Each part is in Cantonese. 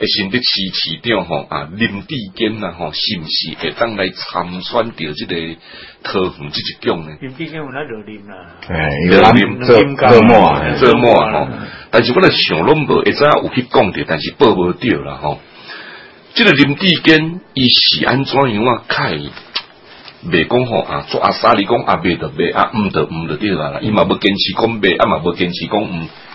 會選的市市長吼啊林志堅啊吼，是毋是會當來參選着即個桃園這一項呢？林志堅有那熱戀啦，熱戀熱熱莫啊熱莫啊吼。但是我咧想攏無，一早有去講着，但是報無着啦吼。這個林志堅，伊是安怎樣啊？開，袂講吼啊，做阿沙利工阿袂得袂啊，唔得唔得掉啦。伊、啊、嘛、嗯、不堅持講袂，阿嘛不堅持講唔。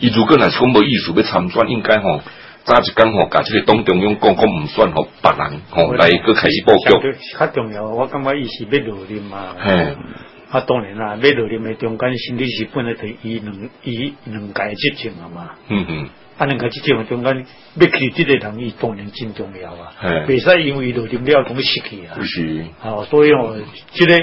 如果嗱是咁冇意思，要參選應該吼，揸一間吼，架即個黨中央講講唔算嗬，別人吼嚟個開始佈局。係的重要，我感覺佢是要努力嘛。嗯嘿，啊當然啦、啊，要努力嘅中間心理是分得第一兩，以兩屆執政啊嘛。嗯嗯哼。啊兩屆執政中間，要去啲個人，伊當然真重要啊。係嘿。未使因為努力你要咁時啊。唔是。啊，所以我即係。嗯這個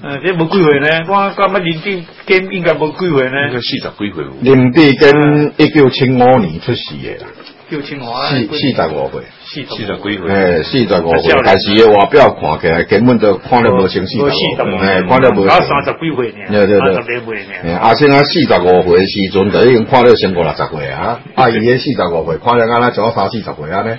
誒，啲冇幾歲呢？我咁乜年啲 g 應該 e 應該呢，應該四十幾歲。零丁跟一九七五年出世嘅啦，一九七五，四四十五歲，四四十幾歲。誒，四十五歲，但是嘅外表看起來根本就看得冇成四十五，誒，看得冇成。阿三十幾歲，阿三十幾阿星阿四十五歲嘅時陣，就已經看得成五六十歲啊！阿二嘅四十五歲，看得啱啦，仲有三四十歲啊咧。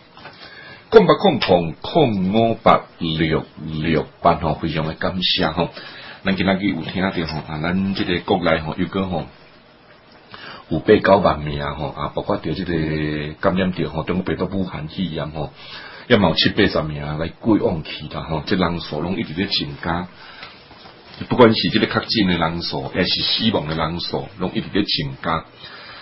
康不康？康康五八六六班吼，非常的感謝吼。咱今日有聽到吼，啊，咱即個國內吼，有咁吼，有八九萬名吼，啊，包括掉即個感染掉吼，中國病毒武漢肺炎吼，一萬七八十名來過往去啦吼。即人數攏一直咧增加，不管是即個確診嘅人數，還是死亡嘅人數，攏一直咧增加。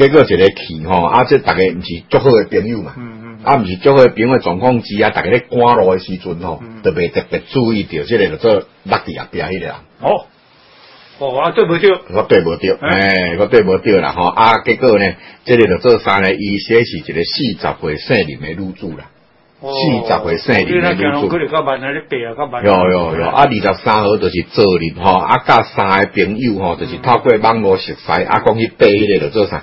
結果一個氣吼，啊！即大家毋是足好嘅朋友嘛，啊毋是足好嘅朋友嘅狀況之下，大家咧趕路嘅時陣吼，特別特別注意到即個就做落地啊，邊迄個啊。哦，哦，啊對唔着，我對唔着，誒，我對唔着啦吼。啊，結果呢，即個就做三廿一些是一個四十歲姓林嘅女子了，四十歲姓林嘅女子。你佢哋今日那啲病啊，今日。有有有，啊，二十三號就是做林吼，啊加三個朋友吼，就是透過網絡熟悉，啊講去病迄個就做啥。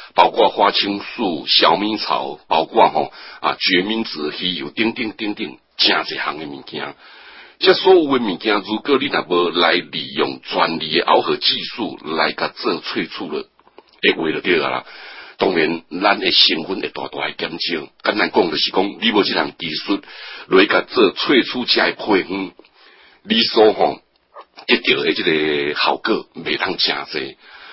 包括花青素、小米草，包括吼、哦、啊決明子，還有等等等等，真儕行嘅物件。這所有嘅物件，如果你若無來利用專利嘅熬合技術來甲做萃取了，誒，為着第二啦。當然咱嘅成分會大大嘅減少。簡單講就是講，你無這項技術來甲做萃取即個配方，你所講得到嘅即個效果未通真儕。沒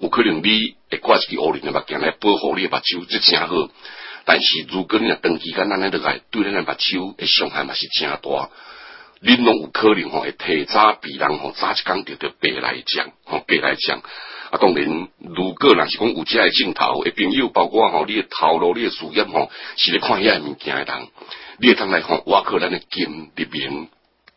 有可能你會掛一支烏龍的目鏡來保護你的目睭，這誠好。但是如果你若長期甲咱安尼落來對咱的目睭的傷害嘛是誠大。恁攏有可能吼會提早比人吼早一工着着白內障，吼白內障。啊，當然，如果若是講有遮的鏡頭，誒，朋友，包括吼你嘅頭路、你嘅事業吼，是咧看遐的物件嘅人，你會通來吼挖可咱嘅金入面。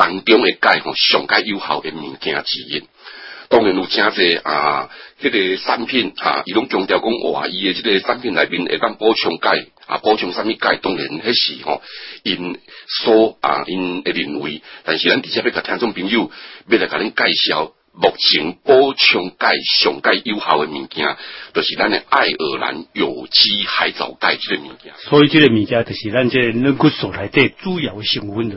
當中嘅鈣吼上鈣有效嘅物件之一，當然有誠濟啊，即個產品啊，伊攏強調講哇，伊嘅即個產品內面會當補充鈣啊，補充啥物鈣，當然迄時吼因所啊因嘅認為，但是咱直接要甲聽眾朋友要來甲恁介紹目前補充鈣上鈣有效嘅物件，著，就是咱嘅愛爾蘭有機海藻鈣即個物件。所以，即個物件著是咱即軟骨素來最主要成分的。